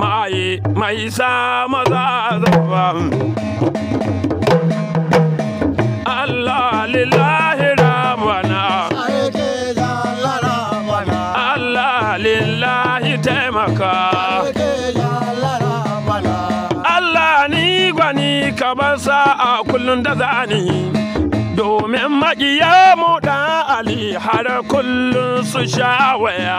mai mai sa maza zaba Allah lillahi ramana Allah lillahi taimaka Allah ni gwani ka basa a kullun da zani domin magiya mu da Ali har kullum su sha waya.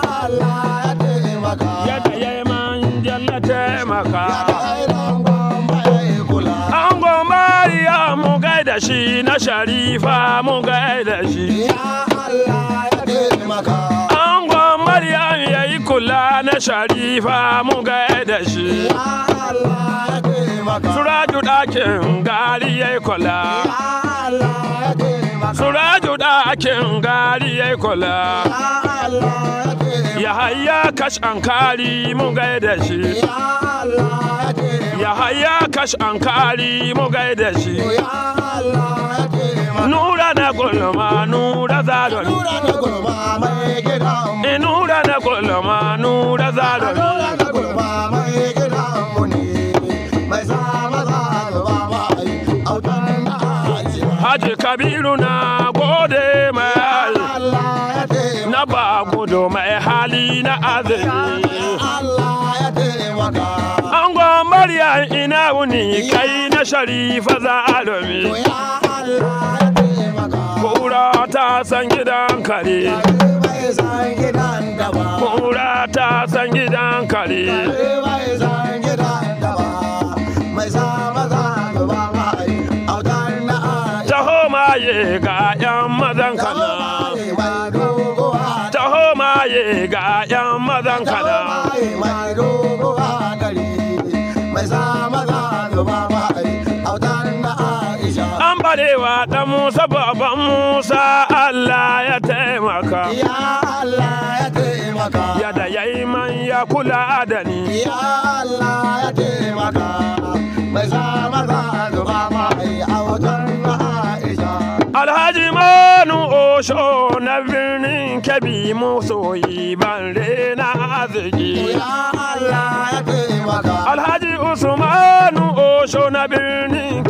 na sharifa mun ga da shi ya Allah ya an Maryam yayi kula na sharifa mun ga da shi ya ya suraju dakin gari ya ya suraju dakin gari ya ya ya hayya kari mun ga da shi ya hayya shi ya Allah na gulma nura zadon nura na gulma eh, nura zadon Haji Kabiru na gode mai na ba gudu mai hali na azumi. An gwamariya ina wuni kai na sharifa za alumi. ta san gidan kare kura ta san gidan kare taho maye ga yan mazan kana taho maye ga yan mazan kana da Musa baban Musa Allah ya taimaka ya Allah ya taimaka ya da yayi man ya kula da ni ya Allah ya taimaka mai zama za zuba mai a wajen Aisha Alhaji Manu Osho na birnin Kebbi yi ban rena arziki ya Allah ya taimaka Alhaji Usmanu Osho na birnin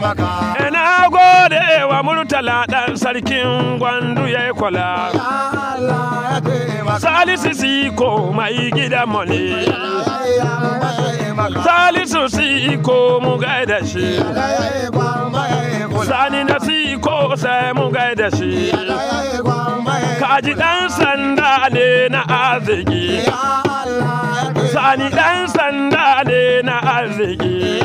maka. Ina eh, gode wa murtala ɗan sarkin gwandu ya kwala. Salisu si ko mai gida mole. Salisu si ko mu gaida shi. Sani na si ko sai mu gaida shi. Kaji ɗan sanda ne na arziki. Sani ɗan sanda ne na arziki.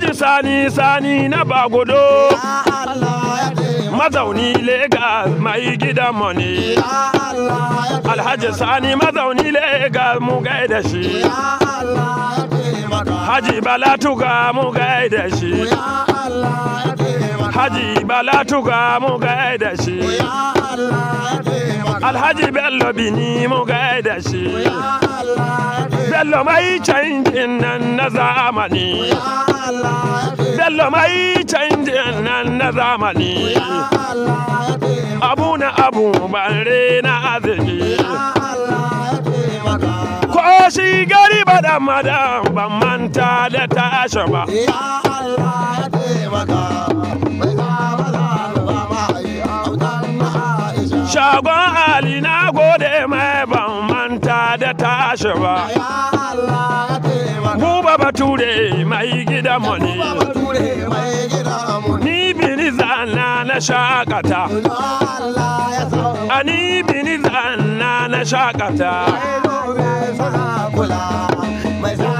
alhaji sani sani na bagodo mazauni legas mai gida moni. alhaji sani mazauni legas mu gaida shi haji balatuga mu gaida shi haji balatuga mu gaida shi alhaji bello bini mu gaida shi bello mai canjin nan na zamani bello mai canjin nan na zamani abu na abu bare na azumi ko shi gari ba da madan ban manta da tashi ba Shagon Ali na gode mai ban manta da tashi ba. Buba bature mai gida moni Ni bini zana na shakata. Ani bini zana na shakata. Mai